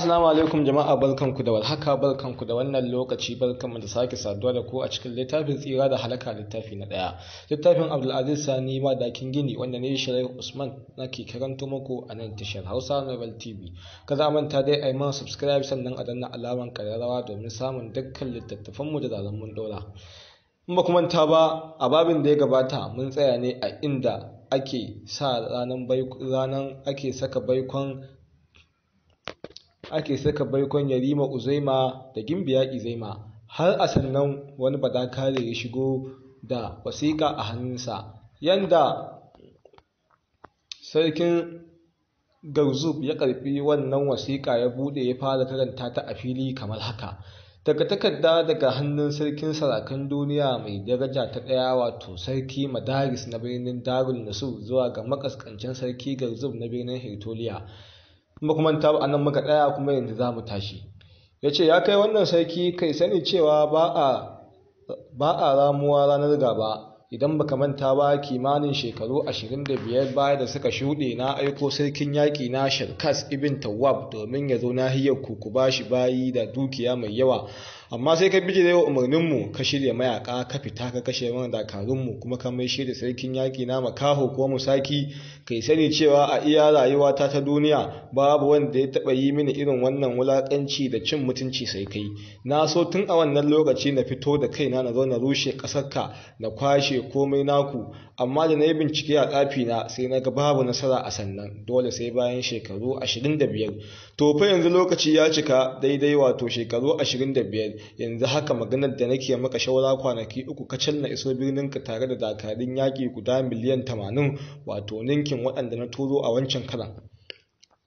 Assalamu alaikum jama'a ku da warhaka ku da wannan lokaci mu da sake saduwa da ku a cikin littafin tsira da halaka littafi na daya littafin abdul aziz Sani ma dakin Gini wanda ne Sharif Usman nake karanto muku a nan tashar Hausa Novel TV kada manta dai yi mana subscribe sannan a danna alamar kararrawa domin samun dukkan littattafan mu da zalan mun dora in ba kuma manta ba a babin da ya gabata mun tsaya ne a inda ake sa ranan ake saka baikon ake saka baikon yarima uzaima da gimbiya izaima har a sannan wani badakare ya shigo da wasiƙa a hannunsa yanda sarkin garzub ya karfi wannan wasiƙa ya buɗe ya fara karanta ta a fili kamar haka daga takarda daga hannun sarkin sarakan duniya mai daraja ta ɗaya wato sarki madaris na birnin darul nasu zuwa ga makaskancin sarki garzub na birnin hertoliya kuma kuma ta nan muka ɗaya kuma yanzu za mu tashi ya ce ya kai wannan sarki kai sani cewa ba a ramuwa ranar gaba idan baka manta ba kimanin shekaru 25 baya da suka shuɗe na aiko sarkin yaƙi na shirkas ibn tawab domin ya zo nahiyar bashi bayi da dukiya mai yawa amma sai ka da wa umarninmu ka shirya mayaka ka fita ka kashe mana dakarunmu kuma ka mai shirya sarkin yaki na makaho ko musaki kai sani cewa a iya rayuwata ta duniya babu wanda ya taba yi mini irin wannan wulakanci da cin mutunci sai kai na so tun a wannan lokaci na fito da kaina na zo na rushe ka na kwashe komai naku amma da na yi bincike a na sai na ga babu nasara a sannan dole sai bayan shekaru 25 to fa yanzu lokaci ya cika daidai wato shekaru 25 yanzu haka maganar da nake maka shawara kwanaki uku ka canna iso birnin ka tare da dakarin yaki guda miliyan tamanin wato ninkin waɗanda na turo a wancan kalan.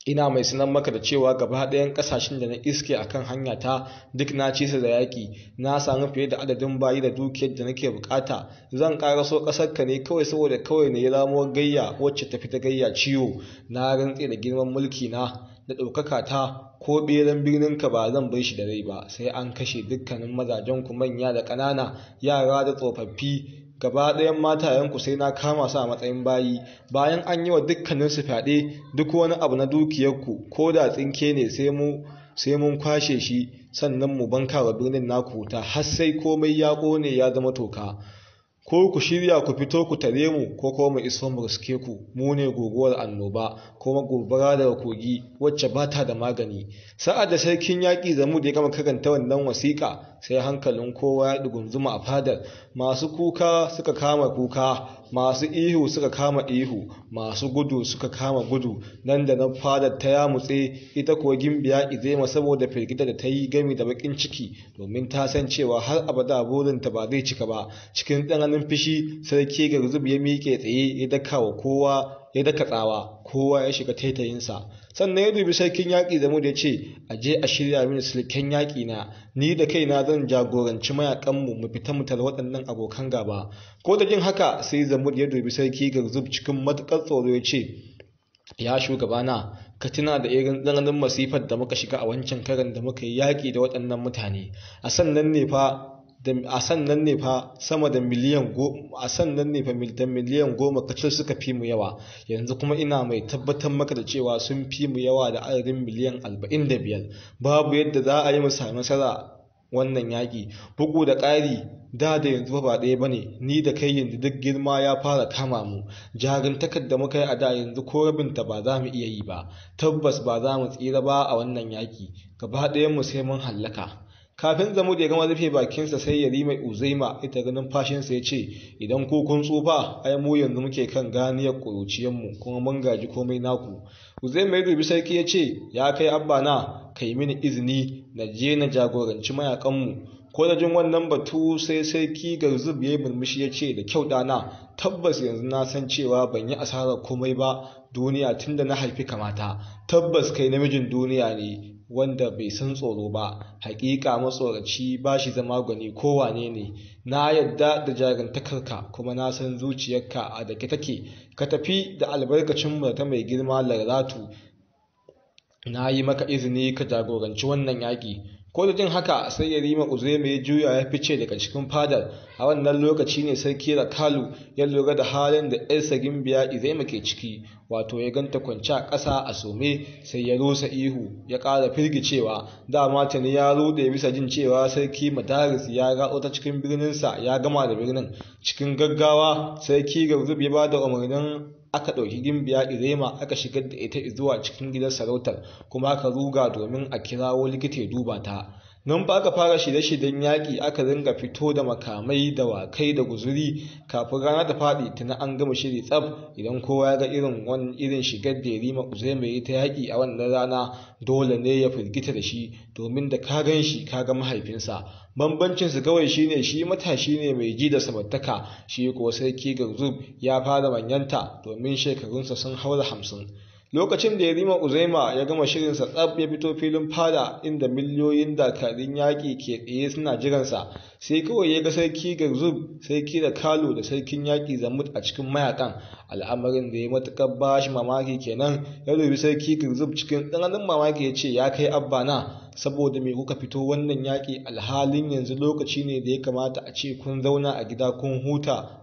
ina mai sanar maka da cewa gaba ɗayan ƙasashen da na iske a kan hanya ta duk na ci su da yaƙi na sami fiye da adadin bayi da dukiyar da nake bukata zan ƙaraso ƙasar ka ne kawai saboda kawai na yi ramuwar gayya wacce tafi ta gayya ciwo na rantse da girman mulki na da ɗaukaka ta ko ɓeran ka ba zan bar shi da rai ba sai an kashe dukkanin mazajenku manya da ƙanana yara da tsofaffi gaba ɗayan matayenku sai na kama sa matsayin bayi bayan an yi wa dukkaninsu fyaɗe duk wani abu na dukiyarku ko da tsinke ne sai mu mun kwashe shi sannan mu banka wa birnin naku wuta har sai komai ya ƙone ya zama toka ko ku shirya ku fito ku tare mu ko kuma mu iso mu riske ku mu ne gogowar annoba kuma gobara daga kogi wacce ba ta da magani sa'ad da sarkin yaƙi zamu da ya gama karanta wannan wasiƙa sai hankalin kowa ya dugunzuma a fadar masu kuka suka kama kuka masu ihu suka kama ihu masu gudu suka kama gudu nan da na fadar ta mutse, ita kuwa gimbiya izema saboda firgita da ta yi gami da bakin ciki domin ta san cewa har abada burinta ba zai cika ba cikin tsananin fishi sarki garzub ya miƙe tsaye ya daka wa kowa ya daka tsawa kowa ya shiga taitayinsa sannan ya dubi sarkin yaƙi da mu da ce a je a shirya mini sulken yaƙi na ni da kaina zan jagoranci mayaƙanmu mu fita mu tare waɗannan abokan gaba ko da jin haka sai zamud ya dubi sarki garzub cikin matuƙar tsoro ya ce ya shugabana ka tuna da irin tsananin masifar da muka shiga a wancan karan da muka yi yaƙi da waɗannan mutane a sannan ne fa a sannan ne fa sama da miliyan a sannan ne fa da miliyan goma kacal suka fi mu yawa yanzu kuma ina mai tabbatar maka da cewa sun fi mu yawa da adadin miliyan arba'in da biyar babu yadda za a yi mu sami nasara wannan yaƙi bugu da ƙari da da yanzu ba ɗaya ba ne ni da kai yanzu duk girma ya fara kama mu jarin takarda muka yi a da yanzu ko rabinta ba za mu iya yi ba tabbas ba za mu tsira ba a wannan yaƙi gaba mu sai mun hallaka kafin zamud ya gama rufe bakinsa sai ya mai uzaima ita ganin fashinsa, ya ce idan ko kun tsufa ai mu yanzu muke kan ganiyar ƙuruciyarmu kuma mun gaji komai naku uzaima ya dubi sarki ya ce ya kai abba na kai mini izini na je na jagoranci mayakanmu ko da jin wannan batu sai sarki garzub ya yi murmushi ya ce da kyau dana tabbas yanzu na san cewa ban yi asarar komai ba duniya tunda na haifi kamata tabbas kai namijin duniya ne wanda bai san tsoro ba hakika matsoraci ba shi zama gwani ko wane ne na yadda da jarantakarka kuma na san zuciyarka a da dake take ka tafi da albarkacin ta mai girma laratu na yi maka izini ka jagoranci wannan yaƙi ko da jin haka sai yarima uzurema ya juya ya fice daga cikin fadar a wannan lokaci ne sarki rakalu ya lura da halin da yarsa gimbiya izema ke ciki wato ya ganta kwanci a ƙasa a some sai ya rusa ihu ya ƙara firgicewa dama ne ya rude bisa jin cewa sarki madaris ya ratsu ta cikin birnin sa ya gama da birnin cikin gaggawa sarki ga ya ba da umarnin aka ɗauki gimbiya irema aka shigar da ita zuwa cikin gidan sarautar kuma aka ruga domin a kirawo likita ya duba ta nan aka fara shirye-shiryen yaƙi aka ringa fito da makamai da wakai da guzuri kafin rana ta faɗi tuna an gama shiri tsaf idan kowa ya ga irin wani irin shigar da rima uzai mai ta yaƙi a wannan rana dole ne ya firgita da shi domin da ka gan shi ka ga mahaifinsa bambancin su kawai shine shi matashi ne mai ji da samartaka shi ko sarki garzub ya fara manyanta domin shekarunsa sun haura hamsin lokacin da ya rima uzaima ya gama shirinsa tsab ya fito filin fada inda miliyoyin dakarun yaƙi ke tsaye suna jiransa sai kawai ya ga sarki garzub sarki da kalo da sarkin yaƙi zamut a cikin mayakan al'amarin da ya matuƙar bashi mamaki kenan ya dubi sarki garzub cikin tsananin mamaki ya ce ya kai abba na saboda me kuka fito wannan yaƙi alhalin yanzu lokaci ne da ya kamata a ce kun zauna a gida kun huta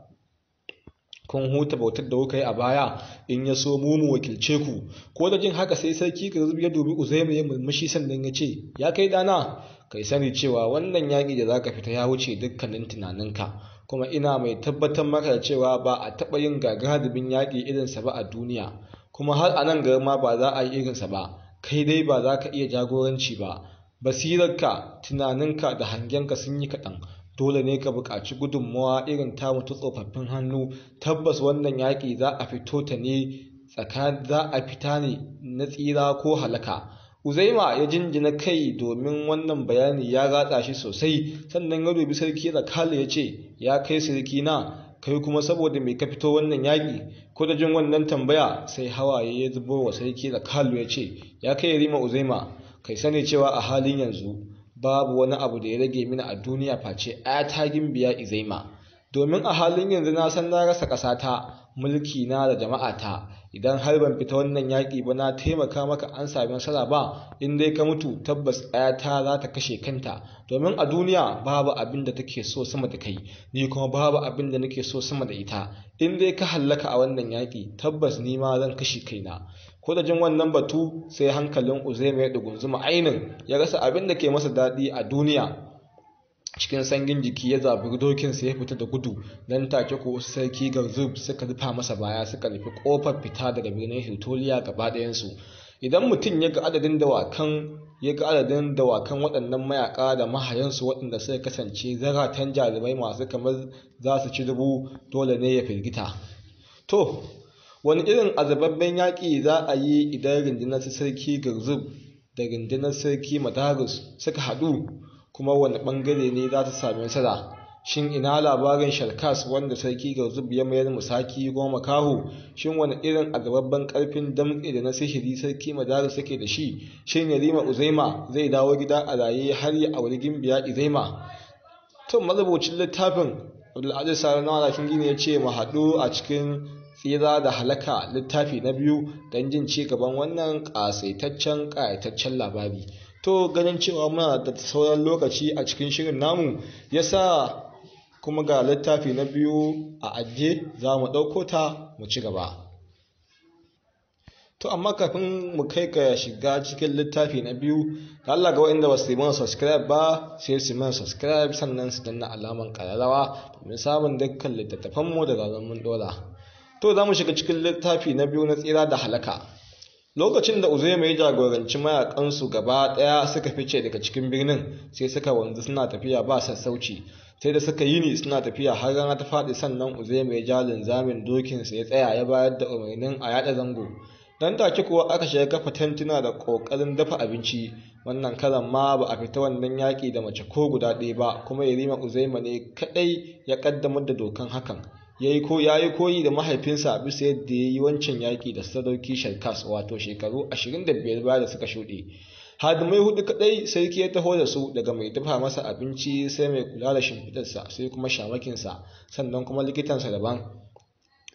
kun huta bautar da kuka yi a baya in ya so mu wakilce ku ko da jin haka sai sarki Kazib ya dubi uzaima ya murmushi sannan ya ce ya kai dana kai sani cewa wannan yaƙi da zaka fita ya wuce dukkanin tunaninka kuma ina mai tabbatar maka da cewa ba a taɓa yin gagarumin yaƙi irinsa ba a duniya kuma har a nan garma ba za a yi irinsa ba kai dai ba za ka iya jagoranci ba basirarka tunaninka da hangenka sun yi kaɗan dole ne ka buƙaci gudunmawa irin ta mutu tsofaffin hannu tabbas wannan yaƙi za a fito ta ne za a fita ne na tsira ko halaka uzaima ya jinjina kai domin wannan bayani ya ratsa shi sosai sannan ya dubi sarki zakala ya ce ya kai sarki na kai kuma saboda mai ka fito wannan yaƙi ko da jin wannan tambaya sai hawaye ya zubo wa sarki zakala ya ce ya kai rima uzaima kai sani cewa a halin yanzu babu wani abu da ya rage mini a duniya face ta gimbiya izaima domin a halin yanzu na san na rasa ƙasata mulki na da jama'ata idan har ban fita wannan yaƙi ba na taimaka maka an sami nasara ba in dai ka mutu tabbas ta za ta kashe kanta domin a duniya babu abin da take so sama da kai ni kuma babu abin da nake so sama da ita in dai ka hallaka a wannan yaƙi tabbas ni ma zan kashe kaina ko da jin wannan batu sai hankalin uzaima ya dugunzuma ainin ya rasa abin da ke masa daɗi a duniya cikin sangin jiki ya zabi dokinsa ya fita da gudu don take ko sarki garzub suka rufa masa baya suka rufe ƙofar fita daga birnin hiltoliya gaba ɗayansu idan mutum ya ga adadin dawakan ya ga adadin dawakan waɗannan mayaka da mahayansu waɗanda suka kasance zaratan jarumai masu kamar za su ci dubu dole ne ya firgita to wani irin azababben yaƙi za a yi idan rundunar sarki garzub da rundunar sarki madarus suka haɗu kuma wani ɓangare ne za ta sami nasara shin ina labarin sharkas wanda sarki garzub ya mayar musaki goma makaho shin wani irin agababban karfin damƙe da na sihiri sarki madarus suke da shi shin yarima uzaima zai dawo gida a raye har ya auri gimbiya izaima to marubucin littafin abdulaziz sarana rashin gini ya ce mu haɗu a cikin tsira da halaka littafi na biyu don jin ci gaban wannan ƙasaitaccen ƙayataccen labari to ganin cewa muna da sauran lokaci a cikin shirin namu yasa kuma ga littafi na biyu a ajiye za mu ɗauko ta mu ci gaba to amma kafin mu kai ka shiga cikin littafi na biyu da Allah ga waɗanda ba su yi mana subscribe ba sai su mana subscribe sannan su danna alaman ƙararrawa domin samun dukkan littattafan mu da zanen mun dora to za mu shiga cikin littafi na biyu na tsira da halaka lokacin da uzaima ya jagoranci mayakansu gaba ɗaya suka fice daga cikin birnin sai suka wanzu suna tafiya ba sassauci sai da suka yi ni suna tafiya har rana ta faɗi sannan uzaima ya ja linzamin dokinsa ya tsaya ya bayar da umarnin a yaɗa zango dan take kuwa aka shiga kafa tentuna da kokarin dafa abinci wannan karan ma ba a fita wannan yaƙi da mace ko guda ɗaya ba kuma yarima uzaima ne kaɗai ya ƙaddamar da dokan hakan ya yi koyi da mahaifinsa bisa yadda ya yi wancan yaƙi da sadauki Sharkas wato shekaru 25 baya da suka shuɗe mai hudu kaɗai sarki ya taho da su daga mai dafa masa abinci sai mai kula da shimfidarsa sai kuma shamakinsa sannan kuma likitansa daban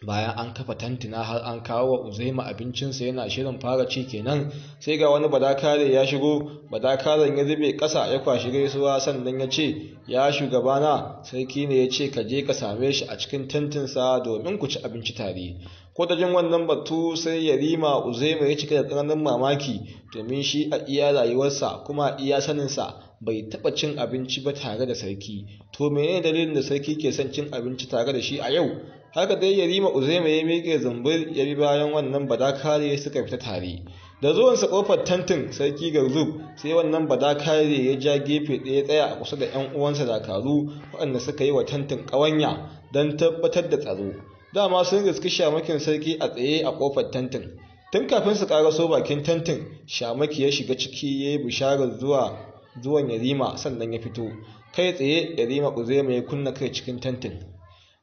bayan an kafa tantina har an kawo wa uzaima abincinsa yana shirin fara ci kenan sai ga wani badakare ya shigo badakaren ya zube ƙasa ya kwashi gaisuwa sannan ya ce ya shugabana sarki ne ya ce ka je ka same shi a cikin tantinsa domin ku ci abinci tare ko da jin wannan batu sai yarima uzaima ya cika da tsananin mamaki domin shi a iya rayuwarsa kuma a iya saninsa bai taɓa cin abinci ba tare da sarki to menene dalilin da sarki ke son cin abinci tare da shi a yau haka dai yarima uzaima ya miƙe zumbur ya bi bayan wannan badakare suka fita tare da zuwansa kofar tantin sarki garzub sai wannan badakare ya ja gefe ɗaya tsaya a kusa da 'yan uwansa dakaru waɗanda suka yi wa tantin ƙawanya don tabbatar da tsaro dama sun riski shamakin sarki a tsaye a kofar tantin tun kafin su karaso bakin tantin shamaki ya shiga ciki ya yi bisharar zuwa zuwan yarima sannan ya fito kai tsaye yarima uzaima ya kunna kai cikin tantin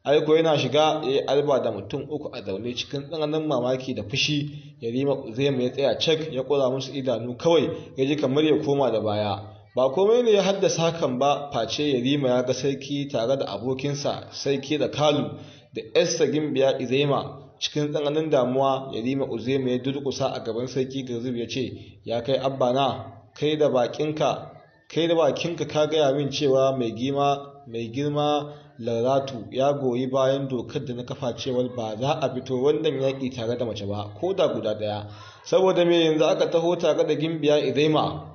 aiko yana shiga ya yi alba da mutum uku a zaune cikin tsananin mamaki da fushi ya rima zai ya tsaya cek ya kura musu idanu kawai ya ji kamar ya koma da baya ba komai ne ya haddasa hakan ba face ya rima ya ga sarki tare da abokinsa sarki da kalu da yarsa gimbiya izaima cikin tsananin damuwa ya rima ya durkusa a gaban sarki garzib ya ce ya kai abba kai da bakinka ka gaya min cewa mai girma Laratu ya goyi bayan dokar da na kafa cewar ba za a fito wannan yaƙi tare da mace ba ko da guda ɗaya saboda me yanzu aka taho tare da gimbiya idaima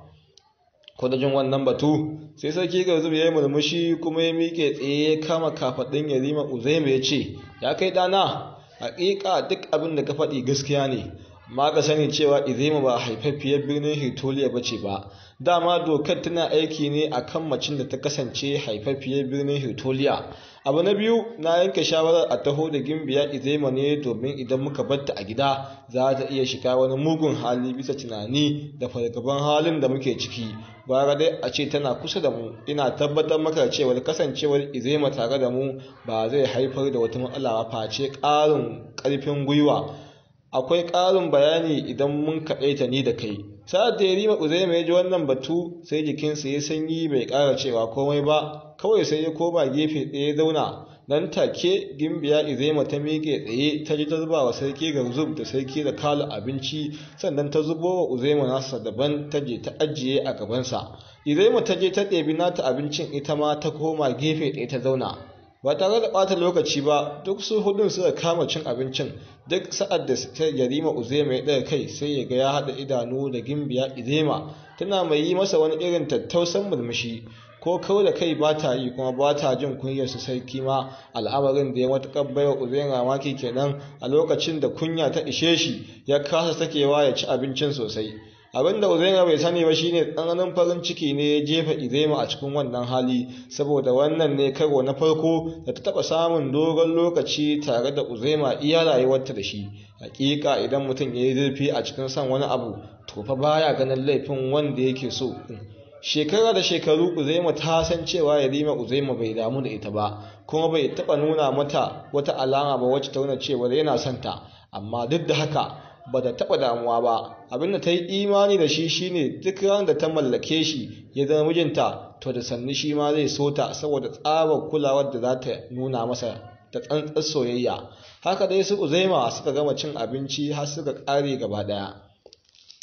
ko da jin wannan batu sai sarki garzub ya yi murmushi kuma ya miƙe tsaye kama kafaɗin yarima uzaima ya ce ya kai ɗana haƙiƙa duk abin da ka faɗi gaskiya ne ma ka sani cewa izaima ba haifaffiyar birnin hitoliya ba ce ba dama dokar tana aiki ne a kan macin da ta kasance haifaffiyar birnin hitoliya abu na biyu na yanke shawarar a taho da gimbiya izema ne domin idan muka batta a gida za ta iya shiga wani mugun hali bisa tunani da fargaban halin da muke ciki Bara dai a ce tana kusa da mu ina tabbatar maka cewar kasancewar izema tare da mu ba zai haifar da wata matsala ba face ƙarin ƙarfin gwiwa akwai ƙarin bayani idan mun kaɗaita ni da kai sa'ad da rima uzaima ya ji wannan batu sai jikinsa ya sanyi bai ƙara cewa komai ba kawai sai ya koma gefe ɗaya zauna nan take gimbiya izaima ta miƙe tsaye ta ji ta zuba wa sarki garzub da sarki da kala abinci sannan ta zubo wa uzaima nasa daban ta je ta ajiye a gabansa izaima ta je ta ɗebi nata abincin ita ma ta koma gefe ɗaya ta zauna ba tare da ɓata lokaci ba duk su hudun suka kama cin abincin duk sa'ad da yarima uzema ya ɗaya kai sai ya ga ya haɗa idanu da gimbiya izema tana mai yi masa wani irin tattausan murmushi ko kau da kai ba ta yi kuma ba ta jin kunyar su sarki ma al'amarin da ya matuƙar baiwa uzema maki kenan a lokacin da kunya ta ishe shi ya kasa sakewa ya ci abincin sosai Abin da uzaima bai sani ba shine tsananin farin ciki ne ya jefa izema a cikin wannan hali saboda wannan ne karo na farko da ta taba samun dogon lokaci tare da uzaima iya rayuwarta da shi hakika idan mutum ya yi zurfi a cikin son wani abu to fa baya ganin laifin wanda yake so shekara da shekaru uzaima ta san cewa yarima uzaima bai damu da ita ba kuma bai taba nuna mata wata alama ba wacce ta nuna cewa yana son ta amma duk da haka ba ta taɓa damuwa ba Abinda ta yi imani da shi shine duk ran da ta mallake shi ya zama mijinta to da sannu shi ma zai so ta saboda tsabar kulawar da za ta nuna masa ta tsantsar soyayya haka dai su uzaima suka gama cin abinci har suka kare gaba ɗaya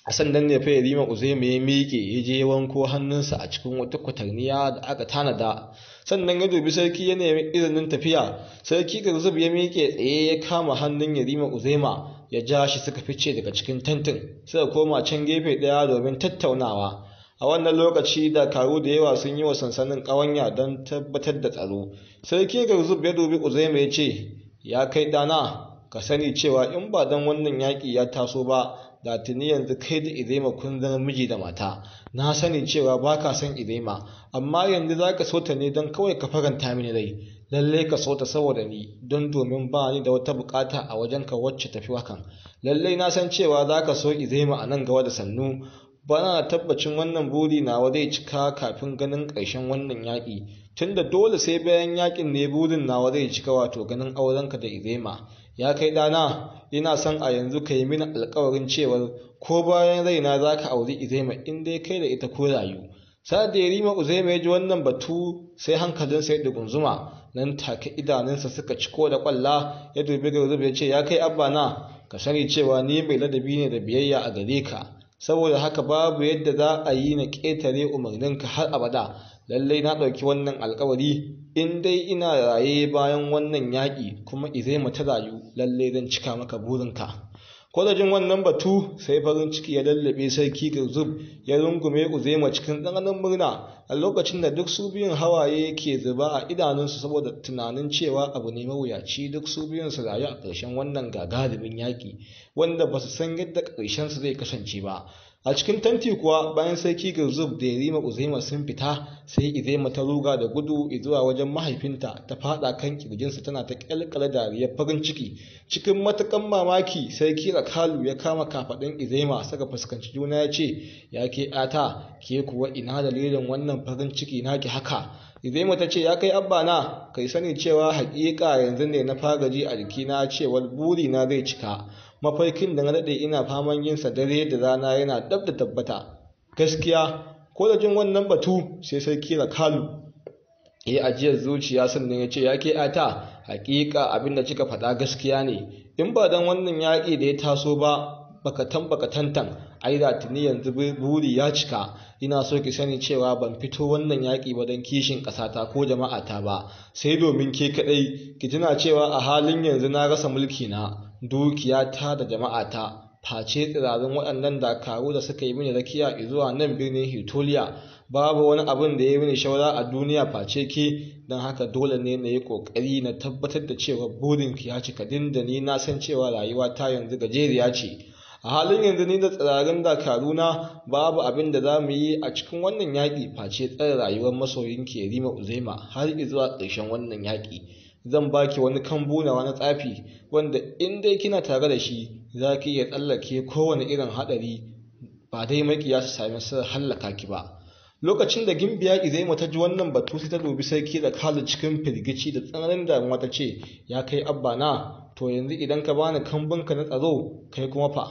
A sandan ne fayari ma uzaima ya miƙe ya je wanko hannunsa a cikin wata kwatarniya da aka tanada sannan ya dubi sarki ya nemi izinin tafiya sarki garzab ya miƙe tsaye ya kama hannun yarima uzaima ya ja shi suka fice daga cikin tentin suka koma can gefe ɗaya domin tattaunawa a wannan lokaci da karu da yawa sun yi wa sansanin ƙawanya don tabbatar da tsaro sarki garzub ya dubi uzaima ya ce ya kai ɗana ka sani cewa in ba don wannan yaƙi ya taso ba da tuni yanzu kai da izaima kun zama miji da mata na sani cewa ba ka son idaima amma yanzu za ka so ta ne don kawai ka faranta mini rai lallai ka so ta saboda ni don domin ba ni da wata bukata a wajen ka wacce tafi wakan lallai na san cewa za ka so izema a nan gaba da sannu bana na tabbacin wannan buri nawa zai cika kafin ganin ƙarshen wannan yaƙi tunda dole sai bayan yaƙin ne burin nawa zai cika wato ganin aurenka da izema ya kai ɗana ina son a yanzu ka yi mini alkawarin cewar ko bayan raina za ka auri izema in dai kai da ita ko rayu sa'ad da ya rima uzema ya ji wannan batu sai hankalinsa ya ɗigunzuma nan take idanunsa suka ciko da kwalla ya dubi zubi ya ce ya kai abba na ka sani cewa ni mai ladabi ne da biyayya a gare ka saboda haka babu yadda za a yi na ƙetare umarninka har abada lallai na ɗauki wannan alkawari in dai ina raye bayan wannan yaƙi kuma izai mata rayu lallai zan cika maka burinka ko da jin wannan batu sai farin ciki ya lallabe sarki Zub, ya rungume uzema cikin ɗanɗanon murna a lokacin da duk su biyun hawaye ke zuba a idanunsu saboda tunanin cewa abu ne mawuyaci duk su biyun su rayu a ƙarshen wannan gagarumin yaƙi wanda ba su san yadda ƙarshen su zai kasance ba a cikin tanti kuwa bayan sarki girzub da yarima uzaima sun fita sai izaima ta ruga da gudu zuwa wajen mahaifinta ta fada kan kirjinsa tana ta kyalkala dariyar farin ciki cikin matakan mamaki sarki rakalu ya kama kafaɗin izaima saka fuskanci juna ya ce ya ke ata ke kuwa ina dalilin wannan farin ciki naki haka izaima ta ce ya kai abba na kai sani cewa hakika yanzu ne na fara ji a jikina cewar burina zai cika mafarkin da na daɗe ina faman yin sa dare da rana yana dab da tabbata gaskiya ko da jin wannan batu sai sarki Kalu. ya ajiyar zuciya sannan ya ce ya ke ata hakika abin da kika faɗa gaskiya ne in ba dan wannan yaƙi da ya taso ba baka tan, baka tantan ai da tuni yanzu buri ya cika ina so ki sani cewa ban fito wannan yaƙi ba don kishin ƙasata ko jama'ata ba sai domin ke kaɗai ki tuna cewa a halin yanzu na rasa mulki na dukiyata da jama'ata face tsirarin waɗannan dakaru da suka yi mini rakiya zuwa nan birnin hitoliya babu wani abin da ya yi mini shawara a duniya face ke don haka dole ne na yi ƙoƙari na tabbatar da cewa burinki ya cika din ni na san cewa rayuwa ta yanzu gajeriya ce a halin yanzu ni da tsirarin na babu abin da za mu yi a cikin wannan yaƙi face tsare rayuwar masoyin Rima uzaima har zuwa ƙarshen wannan yaƙi zan baki wani kambu nawa na tsafi wanda in dai kina tare da shi za ki iya tsallake kowane irin haɗari ba dai makiya su sami su hallaka ki ba lokacin da gimbiya izaima ta ji wannan batu sai ta dubi sarki da kala cikin firgici da tsananin damuwa ta ce ya kai abba na to yanzu idan ka bani kambunka na tsaro kai kuma fa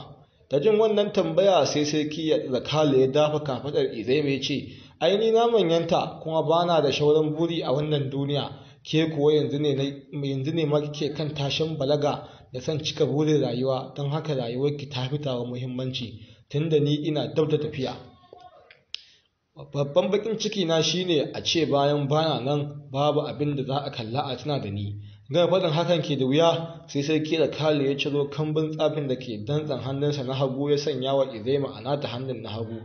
da jin wannan tambaya sai sarki ya zakala ya dafa kafaɗar izaima ya ce aini na manyanta kuma bana da shauran buri a wannan duniya ke kuwa yanzu ne ma kike kan tashin balaga da san cika burin rayuwa don haka rayuwar ki ta fi tawa muhimmanci da ni ina dab da tafiya babban bakin ciki na shine a ce bayan bana nan babu abin da za a kalla a tuna da ni gaba faɗin hakan ke da wuya sai sarki da kale ya ciro kambun tsafin da ke dantsan hannunsa na hagu ya sanya wa izai ma'ana ta hannun na hagu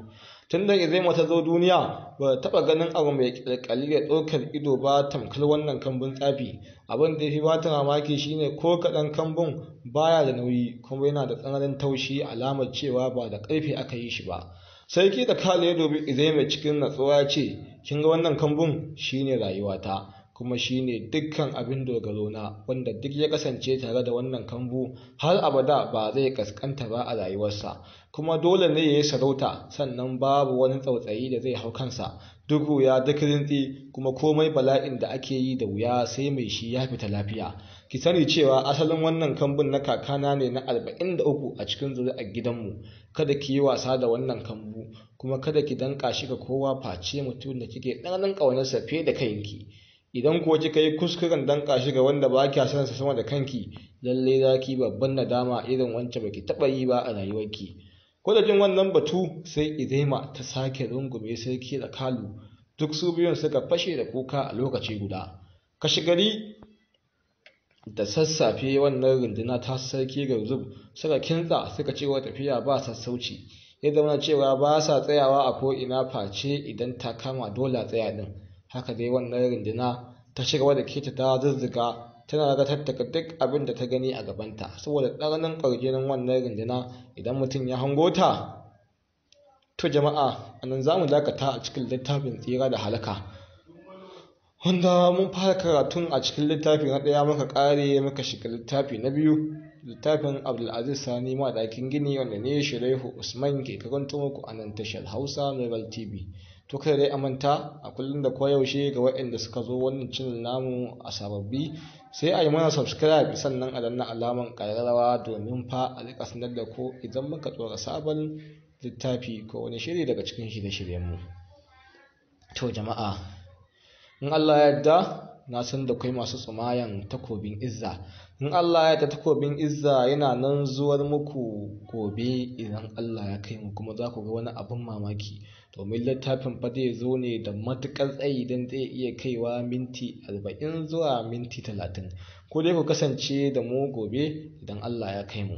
tun da izaima mata zo duniya ba taba ganin abu mai kyalkyali ya ɗaukar ido ba tamkar wannan kambun tsafi abin da ya fi ba ta mamaki shine ko kaɗan kambun baya da nauyi kuma yana da tsananin taushi alamar cewa ba da ƙarfi aka yi shi ba sai ki da kale ya dobi izai mai cikin natsuwa ce kin ga wannan kambun shine rayuwata kuma shi ne dukkan abin dogaro na wanda duk ya kasance tare da wannan kambu har abada ba zai kaskanta ba a rayuwarsa kuma dole ne ya yi sarauta sannan babu wani tsautsayi da zai hau kansa duk wuya duk rintsi kuma komai bala'in da ake yi da wuya sai mai shi ya fita lafiya ki sani cewa asalin wannan kambun na kakana ne na arba'in da uku a cikin zuri'ar gidanmu kada ki yi wasa da wannan kambu kuma kada ki danka shi ga kowa face mutum da kike ɗanɗan ƙaunarsa fiye da kanki idan ko kika yi kuskuren danka shi ga wanda ba kya son sama da kanki lallai za ki babban nadama irin wacce ba ki taɓa yi ba a rayuwarki ko da jin wannan batu sai izaima ta sake rungume sarki da kalu duk su biyun suka fashe da kuka a lokaci guda kashi gari da sassafe wannan runduna ta sarki zub suka kintsa suka cewa tafiya ba sassauci Yadda zama cewa ba sa tsayawa a ko'ina face idan ta kama dola tsaya din haka dai wannan rindina ta ci da keta ta zuzzuga tana ratattaka duk abin da ta gani a gabanta saboda tsananin ƙwarjinin wannan rindina idan mutum ya hango ta to jama'a a nan za mu dakata a cikin littafin tsira da halaka wanda mun fara karatun a cikin littafi na ɗaya muka ƙare muka shiga littafi na biyu littafin abdulaziz sani ma ɗakin gini wanda ne shiraihu usman ke karanto muku a nan tashar hausa mobile tv to kai dai manta, a kullum da koyaushe ga waɗanda suka zo wannan cinin namu a sababbi sai a yi mana subscribe sannan a danna alaman ƙararrawa domin fa a riƙa sanar da ko idan muka tsora sabon littafi ko wani shiri daga cikin shirye mu to jama'a in allah ya yarda na san da kai masu tsumayan takobin izza in Allah ya ta takobin izza yana nan zuwar muku gobe idan Allah ya kai mu kuma za ku ga wani abin mamaki domin littafin fa zai zo ne da matuƙar tsayi don zai iya kaiwa minti arba'in zuwa minti talatin ko dai ku kasance da mu gobe idan allah ya kai mu